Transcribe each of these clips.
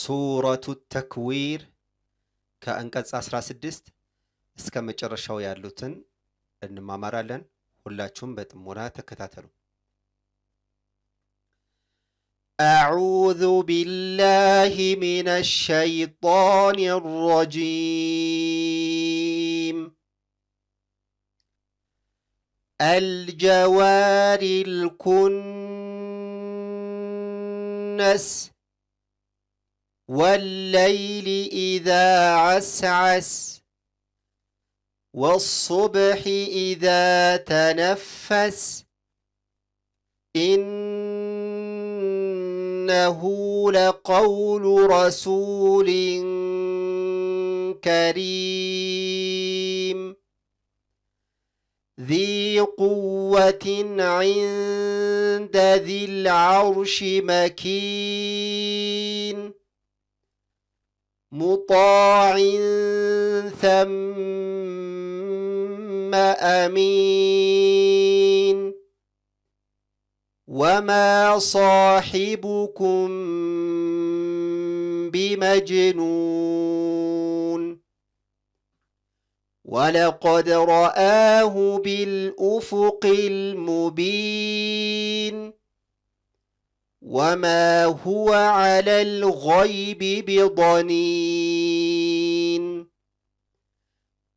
ሱረቱ ተክዊር ከአንቀጽ 16 እስከ መጨረሻው ያሉትን እንማማራለን። ሁላችሁም በጥሞና ተከታተሉ። አዑዙ ቢላሂ ሚነ ሸይጣን ረጂም አልጀዋሪ ልኩነስ والليل إذا عسعس والصبح إذا تنفس إنه لقول رسول كريم ذي قوة عند ذي العرش مكين مطاع ثم امين وما صاحبكم بمجنون ولقد راه بالافق المبين وما هو على الغيب بضنين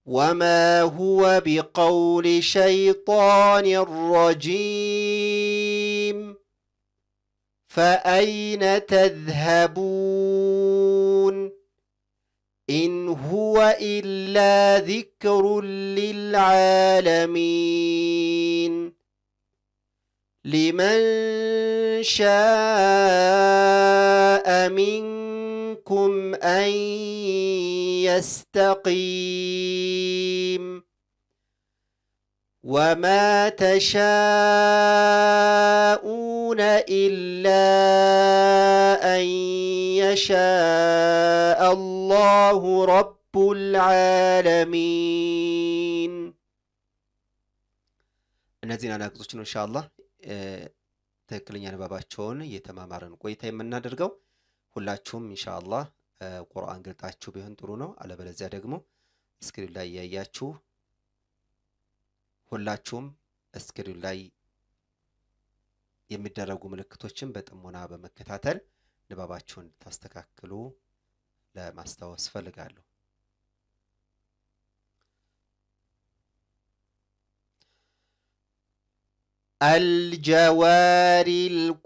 وما هو بقول شيطان رجيم فأين تذهبون إن هو إلا ذكر للعالمين لمن شاء منكم أن يستقيم وما تشاءون إلا أن يشاء الله رب العالمين الذين أنا إن شاء الله ትክክለኛ ንባባቸውን እየተማማርን ቆይታ የምናደርገው። ሁላችሁም ኢንሻአላህ ቁርአን ገልጣችሁ ቢሆን ጥሩ ነው። አለበለዚያ ደግሞ እስክሪን ላይ እያያችሁ ሁላችሁም እስክሪን ላይ የሚደረጉ ምልክቶችን በጥሞና በመከታተል ንባባችሁን እንድታስተካክሉ ለማስታወስ ፈልጋለሁ። አልጀዋሪ ልኩነስ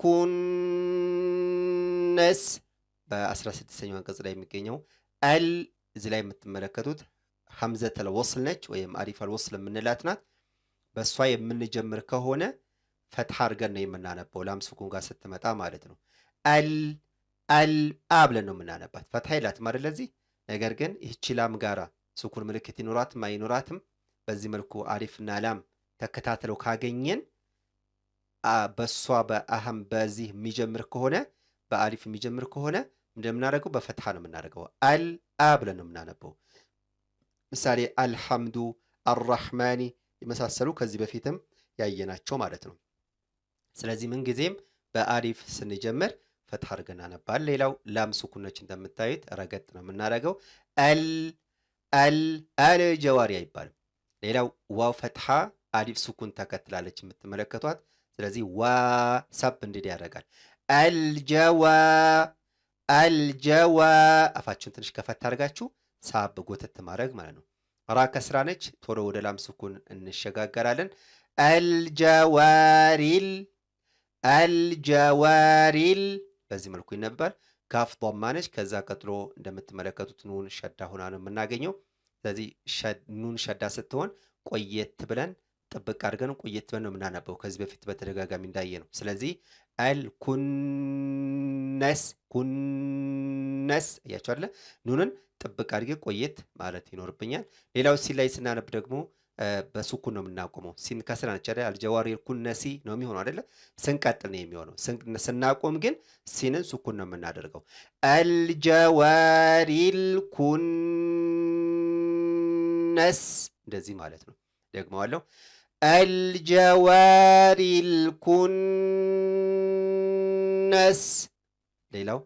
በአስራ ስድስተኛው አንቀጽ ላይ የሚገኘው አል እዚህ ላይ የምትመለከቱት ሐምዘተል ወስል ነች፣ ወይም አሪፍ አልወስል የምንላት ናት። በእሷ የምንጀምር ከሆነ ፈትሐ አድርገን ነው የምናነባው፣ ላም ስኩን ጋር ስትመጣ ማለት ነው። አል አል አ ብለን ነው የምናነባት። ፈትሐ የላትም አይደለ ነገር ግን ይህቺ ላም ጋራ ስኩን ምልክት ይኖራትም አይኖራትም፣ በዚህ መልኩ አሪፍና ላም ተከታትለው ካገኘን በሷ በአህም በዚህ የሚጀምር ከሆነ በአሊፍ የሚጀምር ከሆነ እንደምናደርገው በፈትሐ ነው የምናደርገው። አ ብለን ነው የምናነበው። ምሳሌ አልሐምዱ፣ አራህማኒ የመሳሰሉ ከዚህ በፊትም ያየናቸው ማለት ነው። ስለዚህ ምንጊዜም በአሊፍ ስንጀምር ፈትሐ አድርገን አነባል። ሌላው ላም ስኩነች እንደምታዩት ረገጥ ነው የምናደርገው። አል አል አል ጀዋሪ አይባልም። ሌላው ዋው ፈትሐ፣ አሊፍ ስኩን ተከትላለች የምትመለከቷት ስለዚህ ዋ ሳብ እንዴት ያደርጋል። አልጀዋ አልጀዋ። አፋችሁን ትንሽ ከፈት አድርጋችሁ ሳብ ጎተት ማድረግ ማለት ነው። ራ ከስራ ነች። ቶሎ ወደ ላም ስኩን እንሸጋገራለን። አልጀዋሪል አልጀዋሪል በዚህ መልኩ ይነበባል። ካፍ ዶማ ነች። ከዛ ቀጥሎ እንደምትመለከቱት ኑን ሸዳ ሆና ነው የምናገኘው። ስለዚህ ኑን ሸዳ ስትሆን ቆየት ብለን ጥብቅ አድርገን ቆየት ብለን ነው የምናነበው፣ ከዚህ በፊት በተደጋጋሚ እንዳየ ነው። ስለዚህ አል ኩነስ ኩነስ እያቸው አለ ኑንን ጥብቅ አድርጌ ቆየት ማለት ይኖርብኛል። ሌላው ሲን ላይ ስናነብ ደግሞ በሱኩን ነው የምናቆመው። ሲን ከስር አንቻለ አልጀዋሪ ኩነሲ ነው የሚሆነው አደለ? ስንቀጥል ነው የሚሆነው። ስናቆም ግን ሲንን ሱኩን ነው የምናደርገው። አልጀዋሪል ኩነስ እንደዚህ ማለት ነው። ደግመዋለሁ። አልጀዋሪ ልኩነስ ሌላው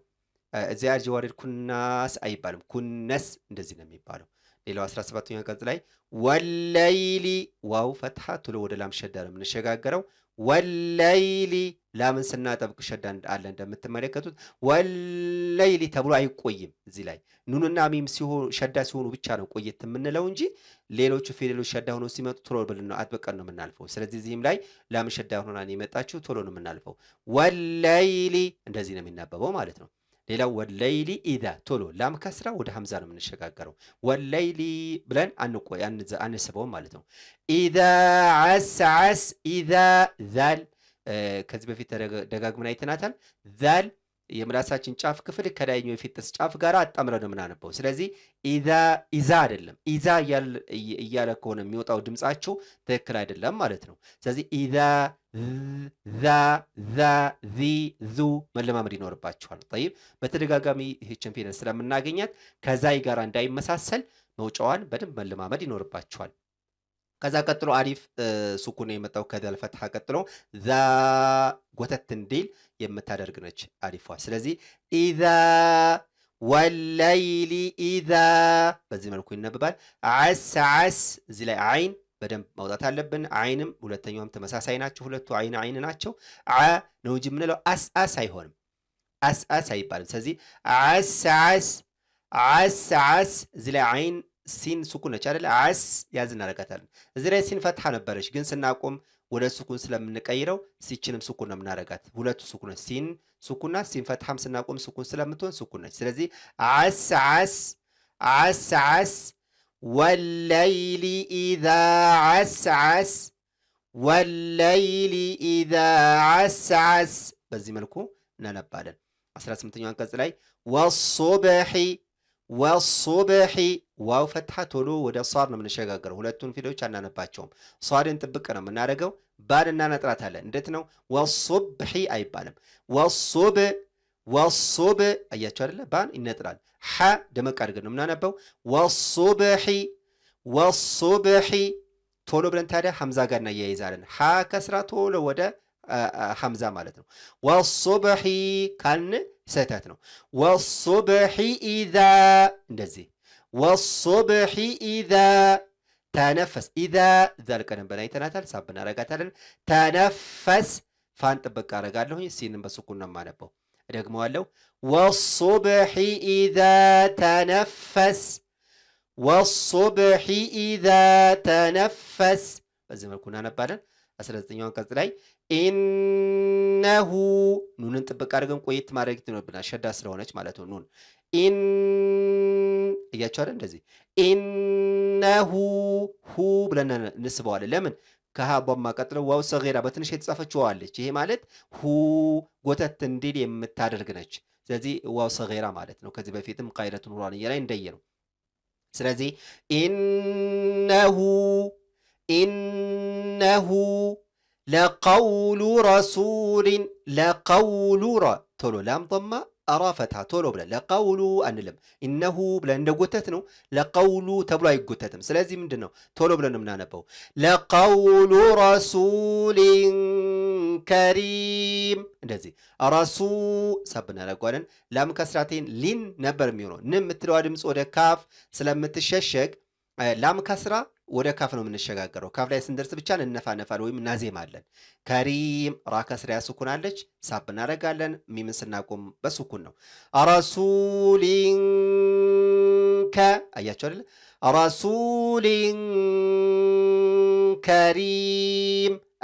እዚያ አልጀዋሪ ልኩናስ አይባልም፣ ኩነስ እንደዚህ ነው የሚባለው። ሌላው 17ኛ ቀጽ ላይ ወለይሊ ዋው ፈትሐ ትሎ ወደ ላም ሸዳ ነው የምንሸጋገረው። ወለይሊ ላምን ስናጠብቅ ሸዳ አለ እንደምትመለከቱት ወለይሊ ተብሎ አይቆይም። እዚህ ላይ ኑንና ሚም ሸዳ ሲሆኑ ብቻ ነው ቆየት የምንለው እንጂ ሌሎቹ ፊደሎች ሸዳ ሆኖ ሲመጡ ቶሎ ብለን ነው አጥብቀን ነው የምናልፈው። ስለዚህ እዚህም ላይ ላምን ሸዳ ሆና የመጣችው ቶሎ ነው የምናልፈው። ወለይሊ እንደዚህ ነው የሚነበበው ማለት ነው። ሌላው ወለይሊ ኢዛ ቶሎ ላም ከስራ ወደ ሀምዛ ነው የምንሸጋገረው። ወለይሊ ብለን አንቆ አንስበውም ማለት ነው። ኢዛ ዓስዓስ ኢዛ ዛል ከዚህ በፊት ደጋግመን አይተናታል ዛል የምላሳችን ጫፍ ክፍል ከላይኛው የፊት ጥርስ ጫፍ ጋር አጣምረ ነው የምናነበው። ስለዚህ ኢዛ አይደለም ኢዛ እያለ ከሆነ የሚወጣው ድምፃችሁ ትክክል አይደለም ማለት ነው። ስለዚህ ኢዛ ዛ ዛ ዚ ዙ መለማመድ ይኖርባችኋል። ጠይብ በተደጋጋሚ ይህችን ፊደል ስለምናገኛት ከዛይ ጋር እንዳይመሳሰል መውጫዋን በደንብ መለማመድ ይኖርባችኋል። ከዛ ቀጥሎ አሊፍ ሱኩን የመጣው ከደል ፈትሐ ቀጥሎ ዛ ጎተት እንዲል የምታደርግ ነች አሊፏ። ስለዚህ ኢዛ ወለይሊ ኢዛ በዚህ መልኩ ይነብባል። ዓስ ዓስ እዚህ ላይ ዓይን በደንብ መውጣት አለብን። ዓይንም ሁለተኛውም ተመሳሳይ ናቸው። ሁለቱ ዓይን ዓይን ናቸው። ዓ ነው እንጂ የምንለው አስ አስ አይሆንም። አስ አስ አይባልም። ስለዚህ ዓስ ዓስ ዓስ ዓስ እዚህ ላይ ዓይን ሲን ሱኩን ነች አስ ያዝ እናደርጋታለን። እዚህ ላይ ሲን ፈትሓ ነበረች፣ ግን ስናቆም ወደ ሱኩን ስለምንቀይረው ሲችንም ሱኩን ነው የምናደርጋት። ሁለቱ ሱኩን ነች፣ ሲን ሱኩና ሲን ፈትሓም ስናቆም ሱኩን ስለምትሆን ሱኩን ነች። ስለዚህ አስ አስ አስ አስ ወለይሊ ኢዛ አስ አስ ወለይሊ ኢዛ አስ አስ በዚህ መልኩ እናነባለን። 18ኛው አንቀጽ ላይ ወሱብሒ ወሱብሒ ዋው ፈታ ቶሎ ወደ ሷድ ነው የምንሸጋገረው። ሁለቱን ፊደሎች አናነባቸውም። ሷድን ጥብቅ ነው የምናደርገው። ባድ እናነጥራታለን። እንዴት ነው? ወሱብሒ አይባልም። ወሶብ ወሶብ አያቸው አይደለ? ባን ይነጥራል። ሐ ደመቅ አድርገን ነው የምናነበው። ወሶብሒ ወሶብሒ ቶሎ ብለን ታዲያ ሐምዛ ጋር እናያይዛለን። ሐ ከስራ ቶሎ ወደ ሐምዛ ማለት ነው። ወሶብሒ ካልን ስህተት ነው። ወሶብሒ ኢዛ እንደዚህ ወሶብሒ ኢዛ ተነፈስ ኢዛ ዘልቀ ነበር አይተናታል። ሳብ እናረጋታለን። ተነፈስ ፋን ጥብቅ አረጋለሁኝ። ሲንን በስኩን ነው የማነበው። እደግመዋለሁ። ወሶብሒ ኢዛ ተነፈስ፣ ወሶብሒ ኢዛ ተነፈስ። በዚህ መልኩ እናነባለን። 19ኛው አንቀጽ ላይ ኢነሁ ኑንን ጥብቅ አድርገን ቆየት ማድረግ ይኖርብናል። ሸዳ ስለሆነች ማለት ነው ኑን እያቸዋለ እንደዚህ ኢነሁ ሁ ብለን እንስበዋለን። ለምን ከሀ ቧማ ቀጥሎ ዋው ሰጌራ በትንሽ የተጻፈችዋለች። ይሄ ማለት ሁ ጎተት እንዲል የምታደርግ ነች። ስለዚህ ዋው ሰጌራ ማለት ነው። ከዚህ በፊትም ቃይለት ኑራንያ ላይ እንደየ ነው። ስለዚህ ኢነሁ ኢነሁ ለቀውሉ ረሱሊን ለቀውሉ ቶሎ ላም ቧማ አራፈታ ቶሎ ብለን ለቀውሉ አንልም። እነሁ ብለን እንደጎተት ነው ለቀውሉ ተብሎ አይጎተትም። ስለዚህ ምንድን ነው ቶሎ ብለን የምናነበው ለቀውሉ ረሱሊን ከሪም። እንደዚህ ረሱ ሰብ እናደርገዋለን። ላም ከስራቴን ሊን ነበር የሚሆነው ን የምትለዋ ድምፅ ወደ ካፍ ስለምትሸሸግ ላም ከስራ ወደ ካፍ ነው የምንሸጋገረው። ካፍ ላይ ስንደርስ ብቻ እንነፋነፋል ወይም እናዜማለን። ከሪም ራ ከስሪያ ስኩን አለች፣ ሳብ እናደርጋለን። ሚምን ስናቆም በስኩን ነው። ረሱሊንከ አያቸው አይደለ? ረሱሊን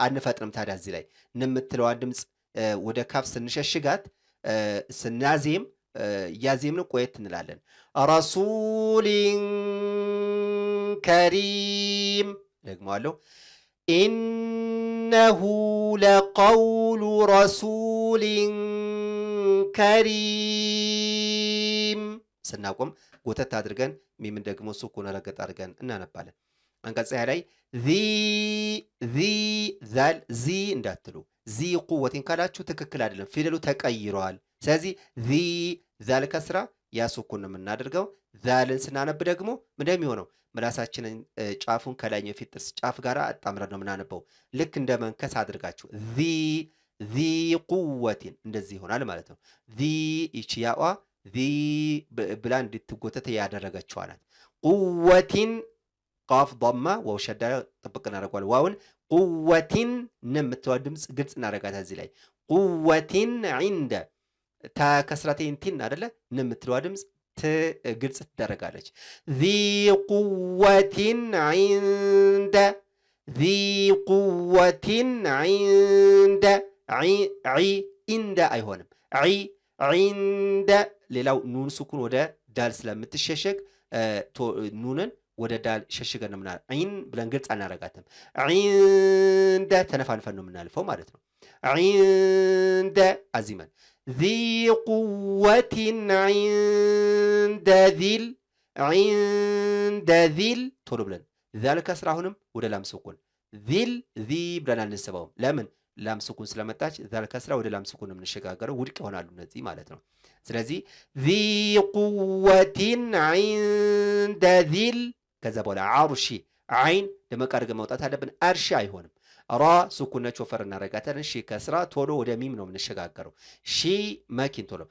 አንፈጥንም። ታዲያ እዚህ ላይ ንምትለዋን ድምፅ ወደ ካፍ ስንሸሽጋት ስናዜም እያዜምን ቆየት እንላለን። ረሱሊን ከሪም ደግመዋለሁ። ኢነሁ ለቀውሉ ረሱልን ከሪም። ስናቆም ጎተት አድርገን ሚምን ደግሞ ሱኩን ረገጥ አድርገን እናነባለን። አንቀጽ ላይ ዛል ዚ እንዳትሉ ዚ ቁወቴን ካላችሁ ትክክል አይደለም፣ ፊደሉ ተቀይረዋል። ስለዚህ ዚ ዛል ከስራ ያ ሱኩን የምናደርገው። ዛልን ስናነብ ደግሞ ምንደሚሆነው ምላሳችንን ጫፉን ከላይኛው የፊት ጥርስ ጫፍ ጋር አጣምረን ነው የምናነበው። ልክ እንደ መንከስ አድርጋችሁ ዚ ዚ ቁወቲን እንደዚህ ይሆናል ማለት ነው። ዚ ይችያዋ ዚ ብላ እንድትጎተት ያደረገችዋ ናት። ቁወቲን ቃፍ ማ ወው ሸዳ ጥብቅ እናደርጓል። ዋውን ቁወቲን ነ የምትዋ ድምፅ ግልጽ እናደረጋት እዚህ ላይ ቁወቲን ዒንደ ታከስራቴንቲን አደለ ነ የምትለዋ ድምፅ ግልጽ ትደረጋለች። ዚ ቁወቲን ዒንደ ዚ ቁወቲን ዒንደ ኢንደ አይሆንም። ዒንደ ሌላው ኑን ስኩን ወደ ዳል ስለምትሸሸግ ኑንን ወደ ዳል ሸሽገን ነው ምናል ዒን ብለን ግልጽ አናረጋትም። ዒንደ ተነፋንፈን ነው የምናልፈው ማለት ነው። ዒንደ አዚመን ذي قوة عند ذل عند ذل ቶሎ ብለን ዛልክ አስራ አሁንም ወደ ላም ስኩን ዚል ዚ ብለን አንስበውም። ለምን ላም ስኩን ስለመጣች ዛልክ አስራ ወደ ላም ስኩን የምንሸጋገረው ውድቅ ይሆናሉ እነዚህ ማለት ነው። ስለዚህ ዚ ቁወቲን ዐይንደ ዚል ከዛ በኋላ አርሺ ዐይን ደመቅ አድርገን መውጣት አለብን። አርሺ አይሆንም ራ ሱኩን ነች፣ ወፈር እናደርጋታለን። ሺ ከስራ ቶሎ ወደ ሚም ነው የምንሸጋገረው። ሺ መኪን ቶሎ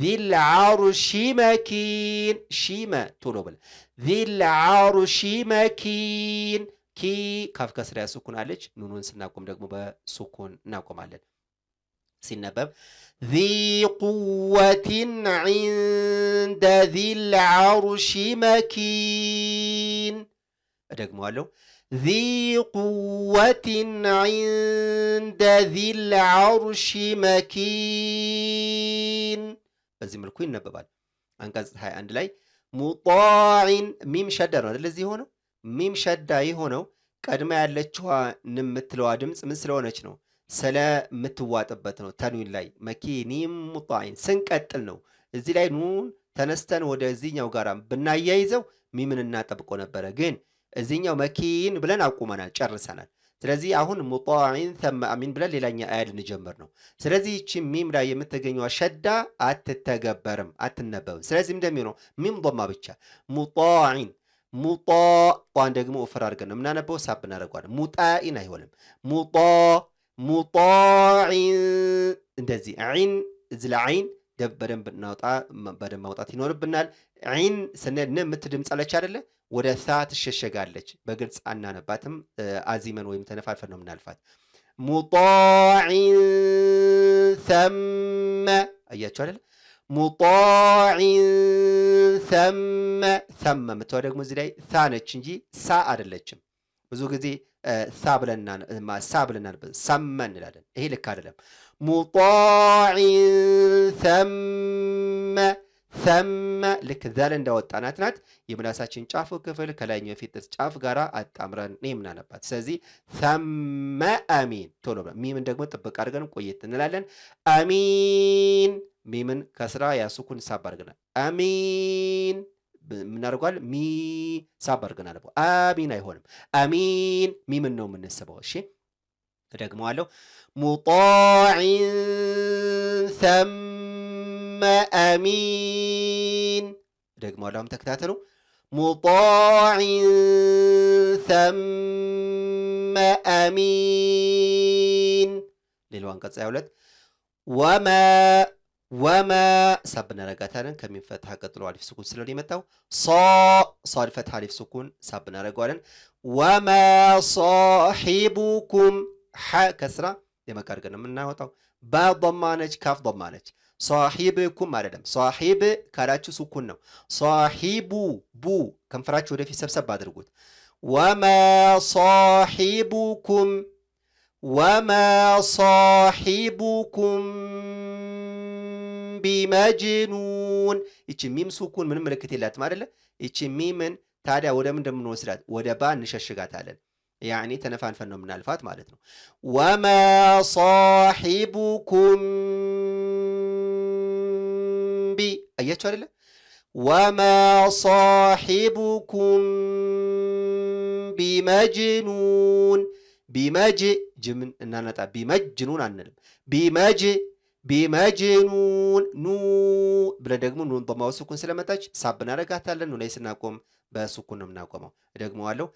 ዚል ዓርሺ መኪን ሺመ ቶሎ ብለን ዚል ዓርሺ መኪን ኪ ካፍ ከስራ ሱኩን አለች። ኑኑን ስናቆም ደግሞ በሱኩን እናቆማለን። ሲነበብ ዚ ቁወትን ዒንደ ዚል ዓርሺ መኪን እደግመዋለሁ ذي قوة عند ذي العرሽ መኪን በዚህ መልኩ ይነበባል። አንቀጽ 21 ላይ ሙጣዕን ሚም ሸዳ ነው አይደል? እዚህ የሆነው ሚም ሸዳ የሆነው ቀድማ ያለችዋ የምትለዋ ድምፅ ምን ስለሆነች ነው? ስለምትዋጥበት ነው። ተንዊን ላይ መኪኒም ሙጣዕን ስንቀጥል ነው። እዚህ ላይ ኑን ተነስተን ወደዚህኛው ጋራ ብናያይዘው ሚምን እናጠብቆ ነበረ ግን እዚኛው መኪን ብለን አቁመናል፣ ጨርሰናል። ስለዚህ አሁን ሙጣዒን ተመ አሚን ብለን ሌላኛ አያ ልንጀምር ነው። ስለዚህ ይቺ ሚም ላይ የምትገኘው ሸዳ አትተገበርም፣ አትነበብም። ስለዚህ እንደሚሆነው ሚም ዶማ ብቻ ሙጣዒን ሙጣ ደግሞ ኦፈር አድርገን የምናነበው ሳብ እናደርገዋለን። ሙጣኢን አይሆንም። ሙጣ ሙጣዒን እንደዚህ ዒን እዝለ ዐይን በደንብ እናውጣ፣ በደንብ ማውጣት ይኖርብናል። ዒን ስንል ን የምትድምፅ አለች አይደለ? ወደ ሳ ትሸሸጋለች። በግልጽ አናነባትም። አዚመን ወይም ተነፋልፈን ነው የምናልፋት። ሙጣዒን ሰመ እያቸው አይደለ? ሙጣዒን ሰመ ሰመ የምትዋ ደግሞ እዚህ ላይ ሳ ነች እንጂ ሳ አደለችም። ብዙ ጊዜ ሳ ብለና ሳ ብለና ሰመ እንላለን። ይሄ ልክ አደለም። ሙጣዒን ሰመ ሰመ ልክ እዛ ላይ እንዳወጣናት ናት። የምላሳችን ጫፉ ክፍል ከላይኛው የፊት ጥርስ ጫፍ ጋር አጣምረን ነው የምናነባት። ስለዚህ ሰመ አሚን ቶሎ ብለን ሚምን ደግሞ ጥብቅ አድርገን ቆየት እንላለን። አሚን ሚምን ከስራ ያሱኩን ሳብ አድርገናል። አሚን ምናደርጓል ሚ ሳብ አድርገናል። አሚን አይሆንም። አሚን ሚምን ነው የምንስበው። እሺ እደግመዋለሁ። ሙጣዕን ሰመ አሚን። እደግመዋለሁ። አሁን ተከታተሉ። ሙጣዕን ሰመ አሚን። ሌላው አንቀጽ ሃያ ሁለት ወመ ወመ ሳብ እናረጋታለን። ከሚም ቀጥሎ አሊፍ ስኩን ስለሆነ የመጣው ሶ ሷድ ፈትሐ አሊፍ ስኩን ሳብ እናረገዋለን። ወመ ሷሒቡኩም ሐ ከስራ የመቃር ነው የምናወጣው ባ ነች ካፍ ነች። ሶሒብኩም አይደለም። ሶሒብ ካላችሁ ሱኩን ነው። ሶሒቡ ቡ ከንፈራችሁ ወደፊት ሰብሰብ አድርጉት። ወማ ሶሒቡኩም ወማ ሶሒቡኩም ቢመጅኑን ይቺ ሚም ሱኩን ምንም ምልክት የላትም አይደለ? እቺ ሚምን ታዲያ ወደ ምን እንደምንወስዳት ወደ ባ እንሸሽጋታለን። ያኔ ተነፋንፈን ነው የምናልፋት ማለት ነው። ወማ ሳሒቡኩም ቢ አያችሁ አይደለ? ወማ ሳሒቡኩም ቢመጅኑን ቢመጅ ጅምን እናነጣ ቢመጅኑን አንልም። ቢመጅ ቢመጅኑን ኑ ብለን ደግሞ ኑን በማውስኩን ስለመጣች ሳብ እናደርጋታለን። ኑ ላይ ስናቆም በሱኩን ነው የምናቆመው። እደግመዋለሁ።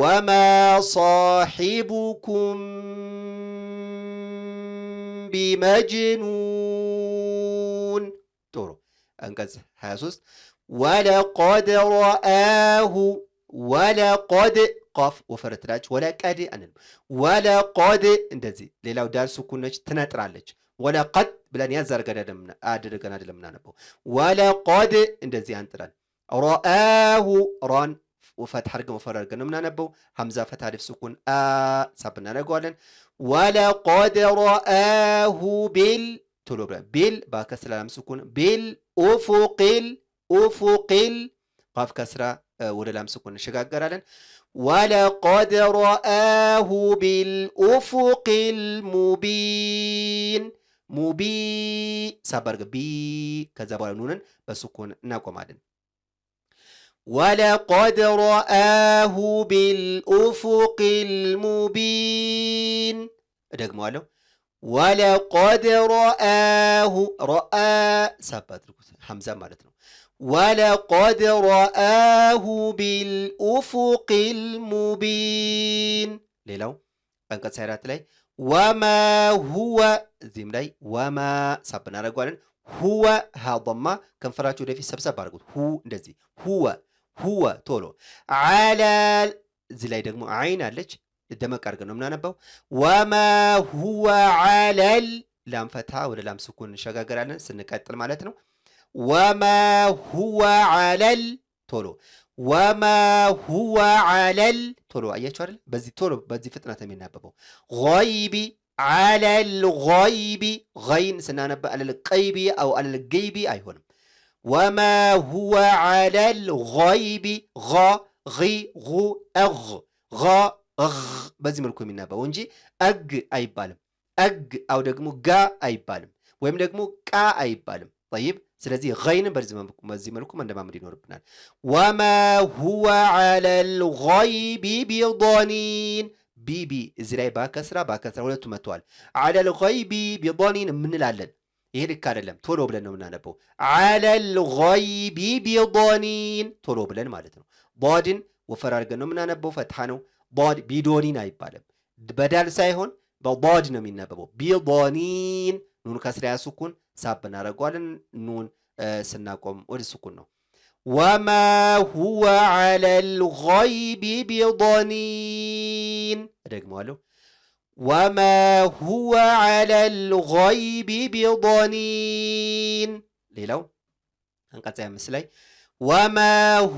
ወማ ሳሒቡኩም ቢመጅኑን። ጥሩ አንቀጽ 23 ወለቆድ ረአሁ ወለቆድ ቆፍ ወፈር ወለቀድ አንልም። ወለቆድ እንደዚህ። ሌላው ዳር ሱኩኖች ትነጥራለች። ወለቀድ ብለን ያዝ አድርገን አይደለም ምናነበው። ወለቆድ እንደዚህ አንጥረን ረአሁ ራን ፈትሐ አድርገን ወፈር አድርገን ነው የምናነበው። ሐምዛ ፈትሐ አሊፍ ስኩን አ ሳብ እናደርገዋለን። ወለቆድ ረአሁ ቢል ቶሎ ብለን ቢል በከስራ ስኩን ቢል ኡፉቂል ኡፉቂል ቃፍ ከስራ ወደ ላም ስኩን እንሸጋገራለን። ወለቆድ ረአሁ ቢል ኡፉቂል ሙቢን ሙቢ ሳብ አድርገን ቢ ከዛ በኋላ ኑንን በስኩን እናቆማለን። ወለቀድ ረአሁ ቢልኡፉቅ ልሙቢን እደግመዋለሁ። ወለቀድ ረአሁ ረአ ሳብ አድርጉት ሐምዛ ማለት ነው። ወለቀድ ረአሁ ቢልኡፉቅ ልሙቢን ሌላው አንቀጽ ሀይራት ላይ ወማ ሁወ እዚህም ላይ ወማ ሳብ እናደርገዋለን። ሁወ ሀ ማ ከንፈራችሁ ወደፊት ሰብሰብ አድርጉት። ሁ እንደዚህ ሁወ ቶሎ ዓላል እዚ ላይ ደግሞ አይን አለች። ደመቅ አድርገን ነው የምናነባው። ወማ ሁወ ዓለል ላም ወደ ላም ስኩን እንሸጋገራለን ስንቀጥል ማለት ነው። ወማ ሁወ ዓለል ቶሎ ወማ ሁወ ዓለል ቶሎ አያችሁ አይደል? በዚህ ቶሎ በዚህ ፍጥነት የሚናበበው። ይቢ ዓለል ይቢ ይን ስናነባ አለል ቀይቢ አው አለል ገይቢ አይሆንም። ወማ ሁወ ዓለል ይቢ እግ በዚህ መልኩ የሚናበበው እንጂ እግ አይባልም። እግ አው ደግሞ ጋ አይባልም፣ ወይም ደግሞ ቃ አይባልም። ጠይብ ስለዚህ ይን በዚህ መልኩ መለማመድ ይኖርብናል። ወማ ሁወ ዓለል ይቢ ቢضኒን ቢቢ እዚህ ላይ ባከስራ ባከስራ ሁለቱ መጥተዋል። ዓለል ይቢ ቢضኒን የምንላለን ይሄ ልክ አይደለም። ቶሎ ብለን ነው የምናነበው። አለል ገይቢ ቢዶኒን ቶሎ ብለን ማለት ነው። ቦድን ወፈር አድርገን ነው የምናነበው። ፈትሐ ነው። ቦድ ቢዶኒን አይባልም። በዳል ሳይሆን በቦድ ነው የሚነበበው። ቢዶኒን ኑን ከስራ ያሱኩን ሳብ እናደርገዋለን። ኑን ስናቆም ወደ ሱኩን ነው። ወማ ሁወ አለል ገይቢ ቢዶኒን እደግመዋለሁ። ወማ ሁወ ዐለል ገይቢ ቢضኒን። ሌላው አንቀጽ አምስት ላይ ወማ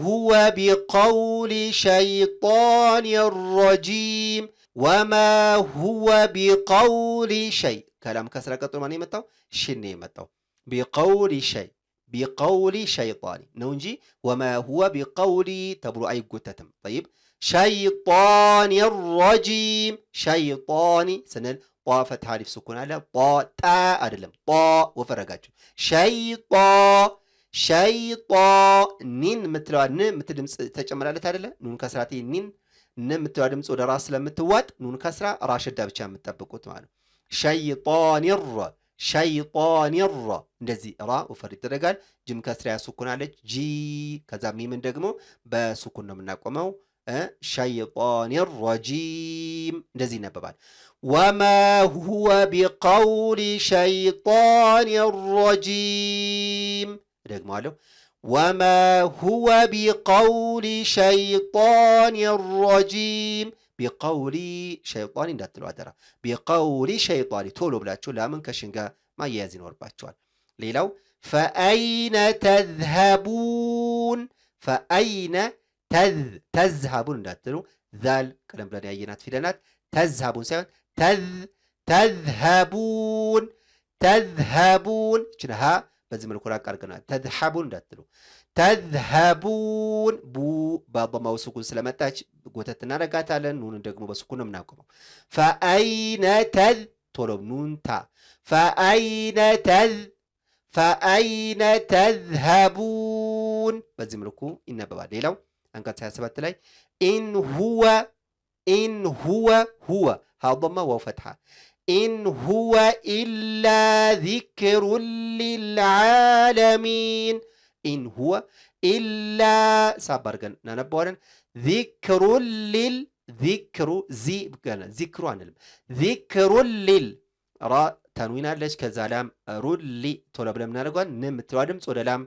ሁወ ቢቀውሊ ሸይጣን ረጂም ወማ ሁወ ቢቀውሊ ሸይ ከላም ከስራ ቀጥሎ ማነው የመጣው? ሽን የመጣው ቢቀውሊ ሸይ ቢቀውሊ ሸይጣን ነው እንጂ ወማ ሁወ ቢቀውሊ ተብሎ አይጎተትም። ሸይጣን ረጂም ሸይጣኒ ስንል ጧ ፈትሐ አሊፍ ስኩን አለ ጣ አይደለም ጧ ወፈረጋችሁ ሸይጣ ሸይጣ ኒን የምትለዋ ን የምትል ድምፅ ተጨምራለት አይደለ ኑን ከስራት ኒን ን የምትለዋ ድምፅ ወደ ራስ ስለምትዋጥ ኑን ከስራ ራሸዳ ብቻ የምትጠብቁት ማለት ነው። ሸይጣን ራ ሸይጣን ራ እንደዚህ ራ ወፈር ይደረጋል። ጅም ከስራ ያሱኩን አለች ጂ ከዛ ሚምን ደግሞ በሱኩን ነው የምናቆመው። ሸይጣን ረጂም እንደዚህ ይነበባል። ወማ ሁወ ቢቀውሊ ሸይጣን ረጂም ደግማለሁ። ወማ ሁወ ቢቀውሊ ሸይጣን ረጂም ቢቀውሊ ሸይጣን እንዳትለው አደራ። ቢቀውሊ ሸይጣን ቶሎ ብላችሁ ላምን ከሽን ጋር ማያያዝ ይኖርባቸዋል። ሌላው ፈአይነ ተዝሀቡን ፈአይነ ተዝሃቡን እንዳትሉ ዛል ቀደም ብለን ያየናት ፊደናት ተዝሃቡን ሳይሆን ተዝ ተዝሃቡን ተዝሃቡን ችነሃ በዚህ መልኩ ራቅ አድርገናል። ተዝሃቡን እንዳትሉ ተዝሃቡን ቡ በአማው ስኩን ስለመጣች ጎተት እናረጋታለን። ኑን ደግሞ በስኩን ነው የምናቆመው። ፈአይነ ተዝ ቶሎ ኑንታ ፈአይነ ተዝ ፈአይነ ተዝሃቡን በዚህ መልኩ ይነበባል። ሌላው አንቀጽ 27 ላይ ኢን ሁወ ኢን ሁወ ሁወ ሀዶማ ዋው ኢን ሁወ ኢላ ዚክሩ ሊልዓለሚን ኢን ሁወ ኢላ ሳብ አድርገን እናነበዋለን። ዚክሩ ሊል ዚክሩ ዚ ብቀናል። ዚክሩ አንልም። ዚክሩ ሊል ራ ተንዊን ከዛ ላም ሩሊ ቶሎ ብለን ምናደርገዋል። ን የምትለዋ ድምፅ ወደ ላም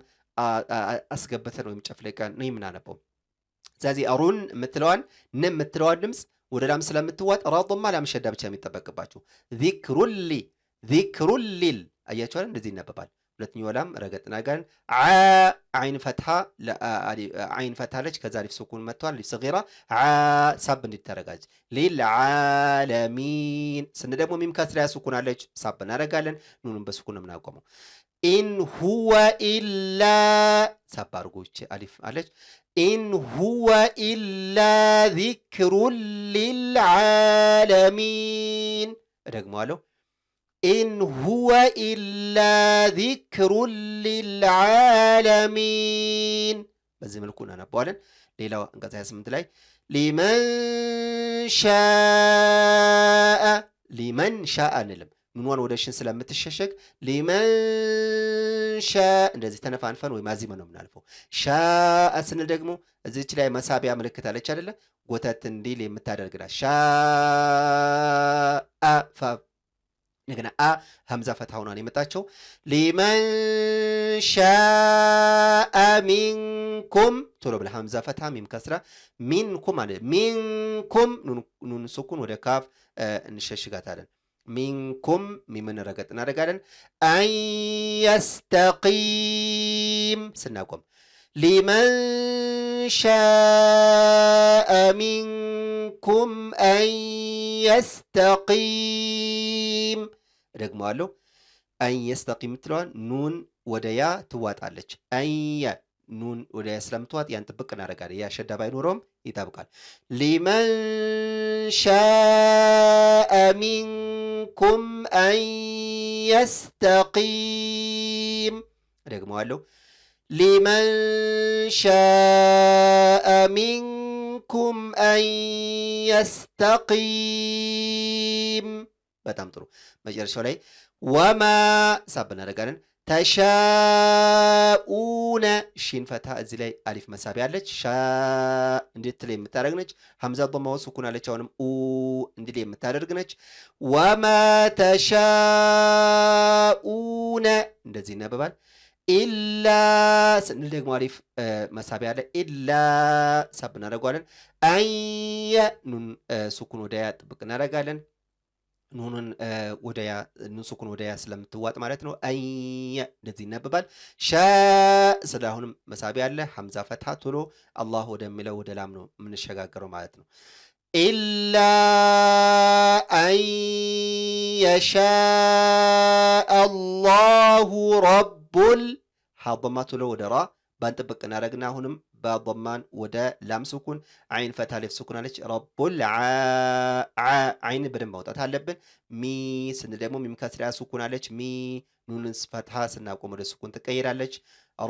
አስገብተን ወይም ጨፍለቀን ነው የምናነበው። ስለዚህ ሩን የምትለዋን ን የምትለዋን ድምፅ ወደ ላም ስለምትዋጥ ራማ ላምሸዳ ብቻ የሚጠበቅባችሁ ዚክሩሊ ዚክሩሊል አያቸዋል። እንደዚህ ይነበባል። ሁለተኛው ላም ረገጥና ጋር አይን ፈትሃ አይን ፈትሃለች። ከዛ ሊፍ ስኩን መጥቷል። ሊፍ ሰጊራ ሳብ እንዲተረጋጅ ሊል ዓለሚን ስን ደግሞ ሚም ከስሪያ ስኩን አለች። ሳብ እናደርጋለን። ኑኑን በስኩን የምናቆመው ኢን ሁወ ኢላ ሳብ አድርጎች አሊፍ አለች። ኢን ሁወ ኢላ ዚክሩን ሊልዓለሚን። እደግመዋለሁ። ኢን ሁወ ኢላ ዚክሩን ሊልዓለሚን። በዚህ መልኩ እናነባዋለን። ሌላው አንቀጽ 28 ላይ ሊመን ሻአ ሊመን ሻአ አንልም ምኗን ወደሽን ስለምትሸሸግ ሊመን ሊመንሸ እንደዚህ ተነፋንፈን ወይም አዚመን ነው የምናልፈው። ሻ ስንል ደግሞ እዚች ላይ መሳቢያ ምልክት አለች አይደለ? ጎተት እንዲል የምታደርግና ሻ ፋ እንደገና አ ሀምዛ ፈታ ሆኗን የመጣቸው ሊመን ሻአ ሚንኩም ቶሎ ብለ ሀምዛ ፈታ ሚም ከስራ ሚንኩም አለ ሚንኩም ኑን ሱኩን ወደ ካፍ እንሸሽጋታለን። ሚንኩም ሚምን ረገጥ እናደርጋለን። አን የስተቂም ስናቆም ሊመን ሚንኩም አን የስተቂም ደግመዋለሁ። አን የስተቂም ኑን ወደ ያ ትዋጣለች። አንያ ኑን ወደ ስለምትዋት ያን ጥብቅ እናደርጋለን። ያ አይኖረውም ባይኖረውም ይጠብቃል። ሊመንሻ ሚንኩም አን የስተቂም ደግመዋለሁ። ሊመንሻ ሚንኩም አን የስተቂም በጣም ጥሩ። መጨረሻው ላይ ወማ ሳብ እናደርጋለን ተሻኡነ ሺን ፈታ እዚህ ላይ አሊፍ መሳቢያ አለች። ሻ እንድትል የምታደርግ ነች። ሀምዛ ዶማ ወሱኩን አለች። አሁንም ኡ እንድል የምታደርግ ነች። ወማ ተሻኡነ እንደዚህ ይነበባል። ኢላ ስንል ደግሞ አሪፍ መሳቢያ አለ። ኢላ ሳብ እናደርገዋለን። አየ ኑን ሱኩን ወደያ ጥብቅ እናደርጋለን። ኑኑን ወደ ንሱኩን ሱኩን ስለምትዋጥ ማለት ነው። አየ እንደዚህ ይነበባል። ሸ ስለ አሁንም መሳቢያ አለ ሐምዛ ፈትሐ ቶሎ አላህ ወደሚለው ወደ ላም ነው የምንሸጋገረው ማለት ነው። ኢላ አን የሻአ አላሁ ረቡል ሐበማ ቶሎ ወደ ራ ባንጥብቅ እናደረግና አሁንም ባማን ወደ ላም ስኩን አይን ፈታ ሊፍ ስኩን አለች። ረቡል አይን በደንብ ማውጣት አለብን። ሚ ስን ደግሞ ሚም ከስሪያ ስኩን አለች። ሚ ኑንን ፈትሃ ስናቆም ወደ ስኩን ትቀይራለች።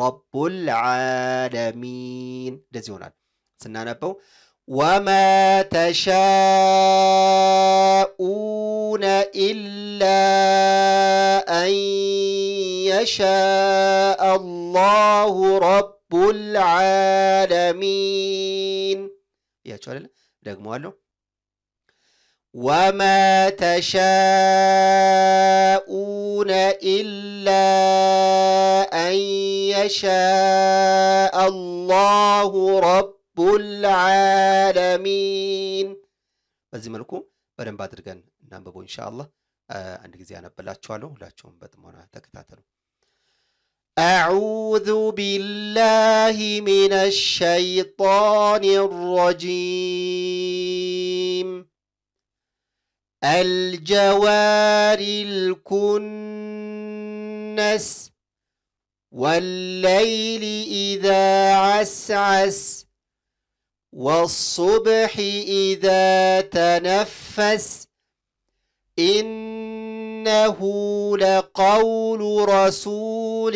ረቡል ዓለሚን እንደዚህ ይሆናል ስናነበው ወማ ተሻኡነ ኢላ አን የሻ አላሁ ረብ ረቡል ዓለሚን እያቸው አለ። ደግመዋለሁ። ወማ ተሻኡነ ኢላ አን የሻእ አላሁ ረቡል ዓለሚን። በዚህ መልኩ በደንብ አድርገን እናንብቦ። ኢንሻ አላህ አንድ ጊዜ አነብላችኋለሁ። ሁላችሁም በጥሞና ተከታተሉ። أعوذ بالله من الشيطان الرجيم الجوار الكنس والليل إذا عسعس والصبح إذا تنفس إن إنه لقول رسول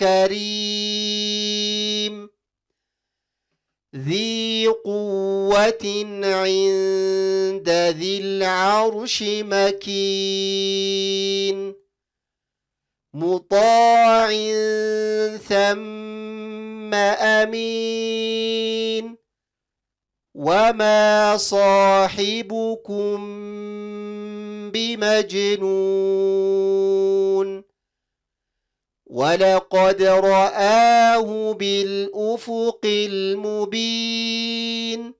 كريم ذي قوة عند ذي العرش مكين مطاع ثم أمين وما صاحبكم بمجنون ولقد رآه بالأفق المبين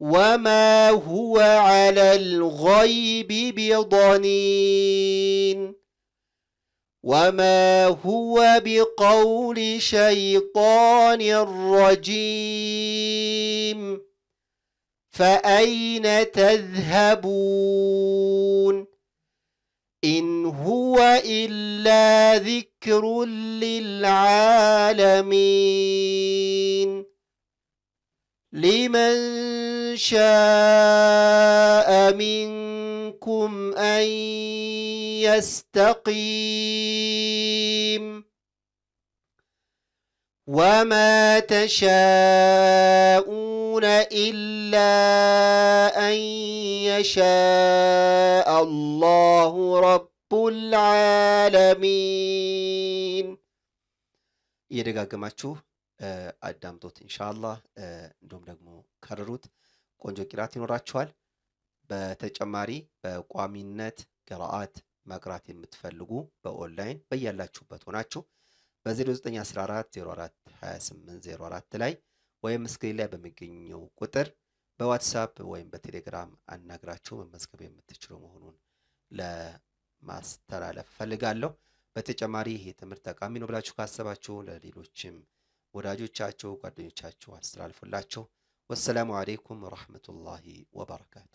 وما هو على الغيب بضنين وما هو بقول شيطان رجيم فأين تذهبون إن هو إلا ذكر للعالمين لمن شاء منكم أن يستقيم وما تشاءون إلا أن يشاء الله رب العالمين يرجع جماعته አዳምጦት ኢንሻአላህ እንዲሁም ደግሞ ከርሩት። ቆንጆ ቂራት ይኖራችኋል። በተጨማሪ በቋሚነት ገራአት መቅራት የምትፈልጉ በኦንላይን በያላችሁበት ሆናችሁ በ0914 04 ላይ ወይም ስክሪን ላይ በሚገኘው ቁጥር በዋትሳፕ ወይም በቴሌግራም አናግራችሁ መመዝገብ የምትችሉ መሆኑን ለማስተላለፍ እፈልጋለሁ። በተጨማሪ ይህ ትምህርት ጠቃሚ ነው ብላችሁ ካሰባችሁ ለሌሎችም ወዳጆቻቸው፣ ጓደኞቻቸው አስተላልፉላቸው። ወሰላሙ አሌይኩም ረህመቱላሂ ወበረካቱ።